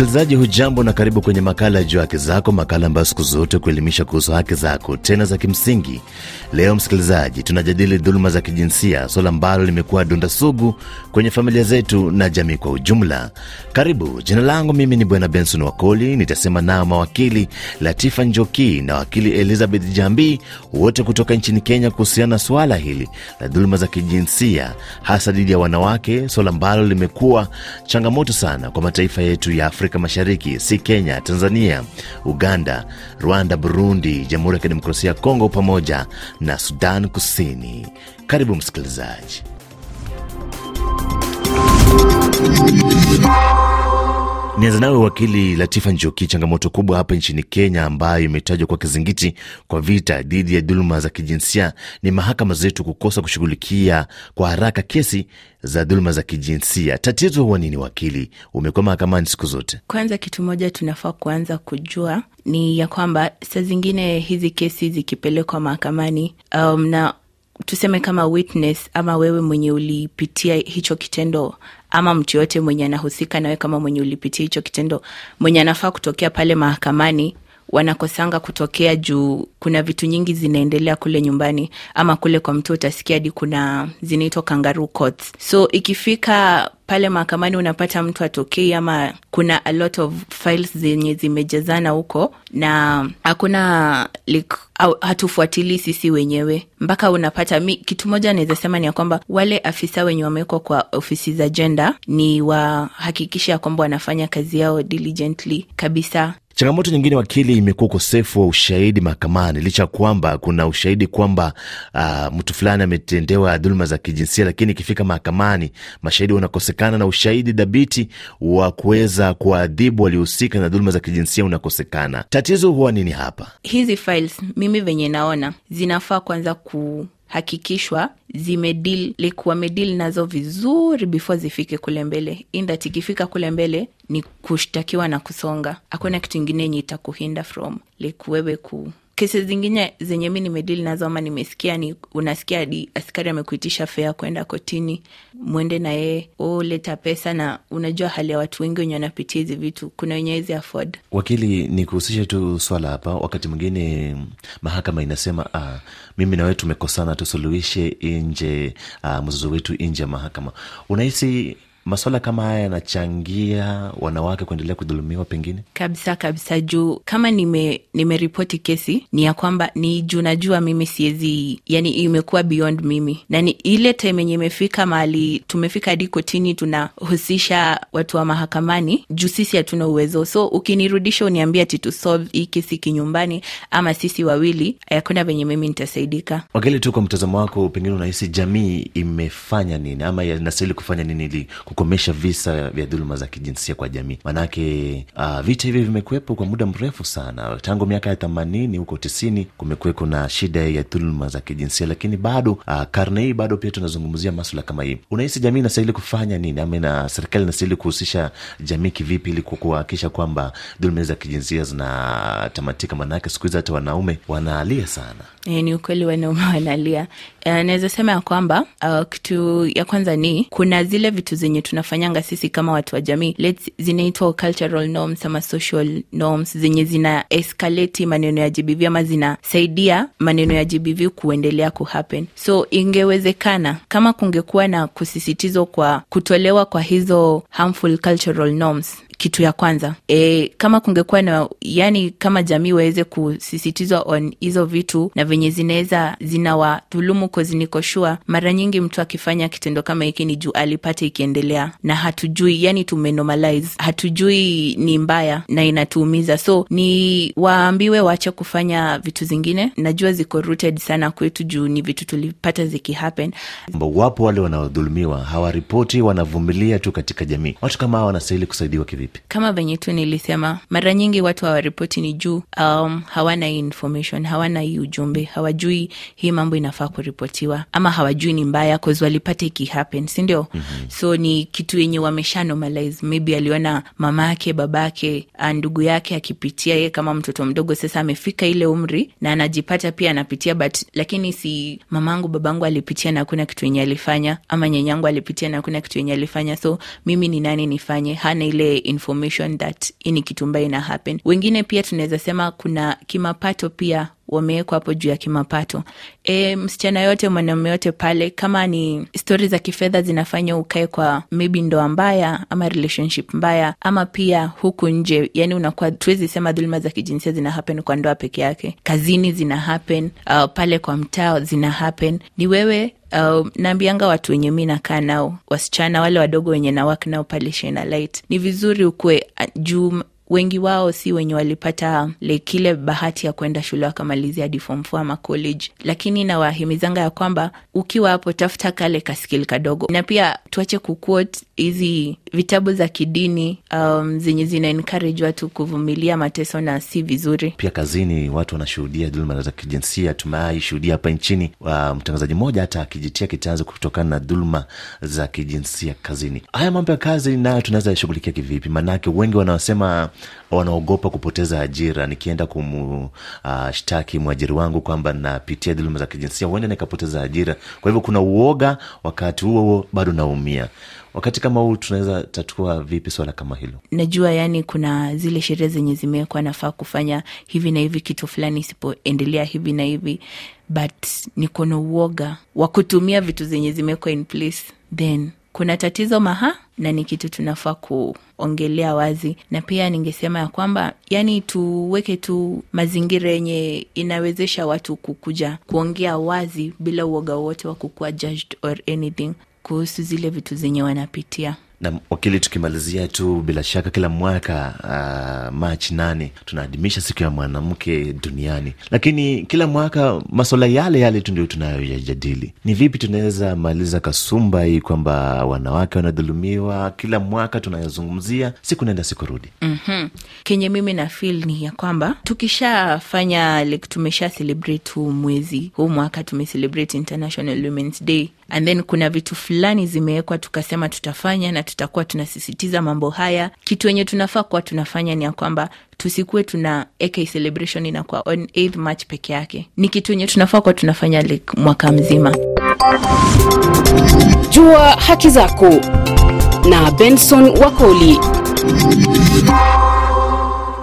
Msikilizaji hujambo na karibu kwenye makala juu haki zako, makala ambayo siku zote kuelimisha kuhusu haki zako tena za kimsingi. Leo msikilizaji, tunajadili dhuluma za kijinsia, swala ambalo limekuwa donda sugu kwenye familia zetu na jamii kwa ujumla. Karibu. Jina langu mimi ni Bwana Benson Wakoli, nitasema nao mawakili Latifa Njoki na wakili Elizabeth Jambi, wote kutoka nchini Kenya, kuhusiana na hili la dhuluma za kijinsia, hasa dhidi ya wanawake, swala ambalo limekuwa changamoto sana kwa mataifa yetu ya Afrika Afrika Mashariki, si Kenya, Tanzania, Uganda, Rwanda, Burundi, Jamhuri ya Kidemokrasia ya Kongo pamoja na Sudan Kusini. Karibu msikilizaji. Nianza nawe wakili Latifa Njoki, changamoto kubwa hapa nchini Kenya ambayo imetajwa kwa kizingiti kwa vita dhidi ya dhuluma za kijinsia ni mahakama zetu kukosa kushughulikia kwa haraka kesi za dhuluma za kijinsia. Tatizo huwa nini, wakili? Umekuwa mahakamani siku zote. Kwanza kitu moja tunafaa kuanza kujua ni ya kwamba saa zingine hizi kesi zikipelekwa mahakamani, um, na tuseme kama witness ama wewe mwenye ulipitia hicho kitendo ama mtu yoyote mwenye anahusika nawe, kama mwenye ulipitia hicho kitendo, mwenye anafaa kutokea pale mahakamani wanakosanga kutokea juu kuna vitu nyingi zinaendelea kule nyumbani ama kule kwa mtu. Utasikia hadi kuna zinaitwa kangaruu courts. So ikifika pale mahakamani unapata mtu atokei, ama kuna a lot of files zenye zimejazana huko na hakuna hatufuatilii sisi wenyewe mpaka unapata mi, kitu moja naweza sema ni ya kwamba wale afisa wenye wamewekwa kwa ofisi za jenda ni wahakikisha ya kwamba wanafanya kazi yao diligently kabisa. Changamoto nyingine wakili, imekuwa ukosefu wa ushahidi mahakamani, licha ya kwamba kuna ushahidi kwamba uh, mtu fulani ametendewa dhuluma za kijinsia, lakini ikifika mahakamani mashahidi wanakosekana kukosekana na ushahidi dhabiti wa kuweza kuwaadhibu waliohusika na dhuluma za kijinsia unakosekana. Tatizo huwa nini hapa? Hizi files mimi venye naona zinafaa kwanza ku hakikishwa zimedil nazo vizuri before zifike kule mbele, indat ikifika kule mbele ni kushtakiwa na kusonga. Hakuna kitu ingine yenye itakuhinda from lik wewe ku kesi zingine zenye mi nimedili nazo ama nimesikia ni unasikia di askari amekuitisha fea kwenda kotini, mwende na yeye o oh, leta pesa, na unajua hali ya watu wengi wenye wanapitia hizi vitu, kuna wenye hizi afford. Wakili, ni kuhusishe tu swala hapa, wakati mwingine mahakama inasema ah, mimi nawe tumekosana, tusuluhishe nje ah, mzozo wetu nje ya mahakama. Unahisi maswala kama haya yanachangia wanawake kuendelea kudhulumiwa pengine? Kabisa kabisa, juu kama nimeripoti nime kesi ni ya kwamba ni juu najua mimi siezi yani imekuwa beyond mimi, na ni ile time yenye imefika mahali tumefika hadi kotini tunahusisha watu wa mahakamani juu sisi hatuna uwezo. So ukinirudisha uniambia ati hii kesi kinyumbani ama sisi wawili, hakuna venye mimi nitasaidika. wageli tu, kwa mtazamo wako, pengine unahisi jamii imefanya nini ama inastahili kufanya nini ili kukomesha visa vya dhuluma za kijinsia kwa jamii manake uh, vita hivi vimekuwepo kwa muda mrefu sana tangu miaka ya themanini huko tisini kumekuweko na shida ya dhuluma za kijinsia lakini bado uh, karne hii bado pia tunazungumzia maswala kama hii unahisi jamii inastahili kufanya nini ama na serikali inastahili kuhusisha jamii kivipi ili kuhakikisha kwamba dhuluma za kijinsia zinatamatika manake siku hizi hata wanaume wanaalia sana e, ni ukweli wanaume wanalia e, naweza sema ya kwamba uh, kitu ya kwanza ni kuna zile vitu zenye zenye tunafanyanga sisi kama watu wa jamii Let's, zinaitwa cultural norms ama social norms zenye zina escalate maneno ya GBV ama zinasaidia maneno ya GBV kuendelea kuhappen. So ingewezekana kama kungekuwa na kusisitizwa kwa kutolewa kwa hizo harmful cultural norms kitu ya kwanza e, kama kungekuwa na yani, kama jamii waweze kusisitizwa on hizo vitu na venye zinaweza zinawadhulumu, kozi mara nyingi mtu akifanya kitendo kama hiki ni juu alipate ikiendelea, na hatujui yani, tumenormalize hatujui ni mbaya na inatuumiza, so ni waambiwe wache kufanya vitu zingine. Najua ziko rooted sana kwetu juu ni vitu tulipata zikihappen. Wapo wale wanaodhulumiwa hawaripoti, wanavumilia tu katika jamii. Watu kama hawa wanastahili kusaidiwa kivipi? vipi? Kama venye tu nilisema, mara nyingi watu hawaripoti ni juu um, hawana hii information, hawana hii ujumbe, hawajui hii mambo inafaa kuripotiwa, ama hawajui ni mbaya cause walipata iki sindio mm -hmm. So ni kitu yenye wamesha normalize, maybe aliona mama baba babake, ah, ndugu yake akipitia, ye kama mtoto mdogo, sasa amefika ile umri na anajipata pia anapitia, but lakini si mamangu babangu alipitia na hakuna kitu yenye alifanya, ama nyenyangu alipitia na hakuna kitu yenye alifanya, so mimi ni nani nifanye? Hana ile information that ini kitu mbaya ina happen. Wengine pia tunaweza sema kuna kimapato pia wamewekwa hapo juu ya kimapato. E, msichana yote mwanaume yote pale, kama ni stori za kifedha zinafanya ukae kwa maybe ndoa mbaya ama relationship mbaya, ama pia huku nje, yani unakuwa tuwezi sema dhuluma za kijinsia zina happen kwa ndoa peke yake, kazini zina happen, uh, pale kwa mtaa zina happen. Ni wewe Uh, naambianga watu wenye mi nakaa nao, wasichana wale wadogo wenye nawak nao pale Shina Light, ni vizuri ukuwe ah, juu wengi wao si wenye walipata lekile bahati ya kwenda shule wakamalizia hadi form ama college, lakini nawahimizanga ya kwamba ukiwa hapo, tafuta kale kaskili kadogo, na pia tuache kuot hizi vitabu za kidini um, zenye zina encourage watu kuvumilia mateso na si vizuri. Pia kazini watu wanashuhudia dhuluma za kijinsia, tumaishuhudia hapa nchini wa uh, mtangazaji mmoja hata akijitia kitanzi kutokana na dhuluma za kijinsia kazini. Haya mambo ya kazi nayo tunaweza yashughulikia kivipi? Maanake wengi wanaosema wanaogopa kupoteza ajira, nikienda kumshtaki uh, mwajiri wangu kwamba napitia dhuluma za kijinsia, huenda nikapoteza ajira. Kwa hivyo kuna uoga, wakati huo huo bado naumia. Wakati kama huu tunaweza mtatatua vipi swala kama hilo? Najua yani kuna zile sheria zenye zimewekwa, nafaa kufanya hivi na hivi, kitu fulani isipoendelea hivi na hivi, but niko na uoga wa kutumia vitu zenye zimewekwa in place, then kuna tatizo maha na ni kitu tunafaa kuongelea wazi, na pia ningesema ya kwamba yani, tuweke tu mazingira yenye inawezesha watu kukuja kuongea wazi bila uoga wowote wa kukuwa judged or anything kuhusu zile vitu zenye wanapitia. Na wakili, tukimalizia tu, bila shaka kila mwaka uh, ah, Machi nane tunaadhimisha siku ya mwanamke duniani, lakini kila mwaka masuala yale yale tu ndio tunayoyajadili. Ni vipi tunaweza maliza kasumba hii kwamba wanawake wanadhulumiwa? Kila mwaka tunayozungumzia siku naenda siku rudi. mm -hmm. Kenye mimi na feel ni ya kwamba tukishafanya like, tumesha celebrate huu mwezi huu mwaka tume celebrate International Women's Day and then kuna vitu fulani zimewekwa, tukasema tutafanya na tutakuwa tunasisitiza mambo haya. Kitu enye tunafaa kuwa tunafanya ni ya kwamba tusikuwe tuna AK celebration inakuwa on 8 March peke yake, ni kitu enye tunafaa kuwa tunafanya like mwaka mzima. Jua haki zako na Benson Wakoli.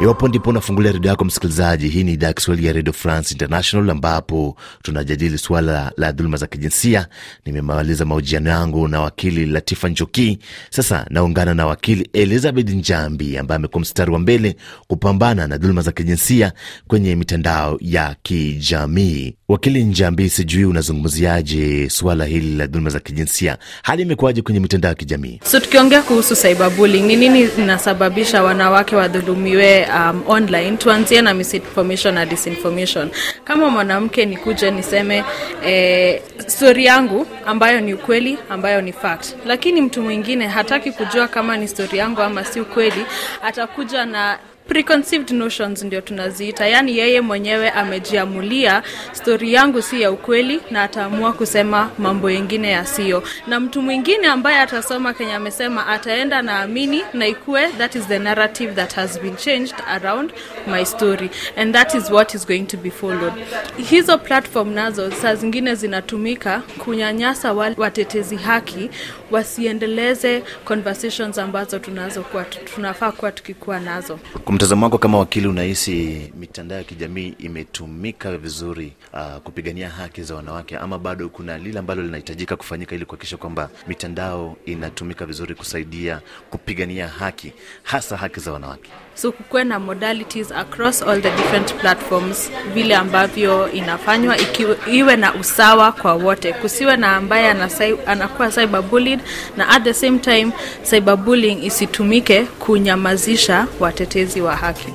Iwapo ndipo unafungulia redio yako msikilizaji, hii ni idhaa ya Kiswahili ya Redio France International ambapo tunajadili suala la dhuluma za kijinsia. Nimemaliza mahojiano yangu na wakili Latifa Njoki. Sasa naungana na wakili Elizabeth Njambi ambaye amekuwa mstari wa mbele kupambana na dhuluma za kijinsia kwenye mitandao ya kijamii. Wakili Njambi, sijui unazungumziaje suala hili la dhuluma za kijinsia, hali imekuwaje kwenye mitandao ya kijamii? So tukiongea kuhusu cyberbullying, ni nini inasababisha wanawake wadhulumiwe um, online? Tuanzie na misinformation na disinformation. Kama mwanamke kuja niseme eh, stori yangu ambayo ni ukweli, ambayo ni fact, lakini mtu mwingine hataki kujua kama ni stori yangu ama si ukweli, atakuja na preconceived notions ndio tunaziita, yaani yeye mwenyewe amejiamulia stori yangu si ya ukweli, na ataamua kusema mambo yengine yasiyo, na mtu mwingine ambaye atasoma kenye amesema ataenda na amini na ikue that is the narrative that has been changed around my story and that is what is going to be followed. Hizo platform nazo saa zingine zinatumika kunyanyasa watetezi haki wasiendeleze conversations ambazo tunazokuwa kuwa tunafaa kuwa tukikuwa nazo mtazamo wako kama wakili, unahisi mitandao ya kijamii imetumika vizuri uh, kupigania haki za wanawake ama bado kuna lile ambalo linahitajika kufanyika ili kuhakikisha kwamba mitandao inatumika vizuri kusaidia kupigania haki hasa haki za wanawake? so kukuwe na modalities across all the different platforms vile ambavyo inafanywa iwe na usawa kwa wote kusiwe na ambaye anakuwa cyberbullied na at the same time cyberbullying isitumike kunyamazisha watetezi wa haki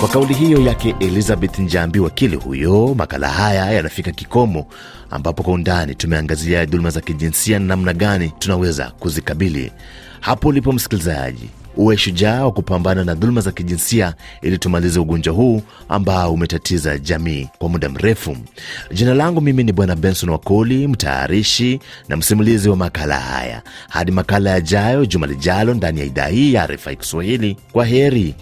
Kwa kauli hiyo yake Elizabeth Njambi, wakili huyo, makala haya yanafika kikomo, ambapo kwa undani tumeangazia dhuluma za kijinsia na namna gani tunaweza kuzikabili. Hapo ulipo msikilizaji, uwe shujaa wa kupambana na dhuluma za kijinsia ili tumalize ugonjwa huu ambao umetatiza jamii kwa muda mrefu. Jina langu mimi ni Bwana Benson Wakoli, mtayarishi na msimulizi wa makala haya. Hadi makala yajayo juma lijalo ndani ya idhaa hii ya RFI Kiswahili, kwa heri.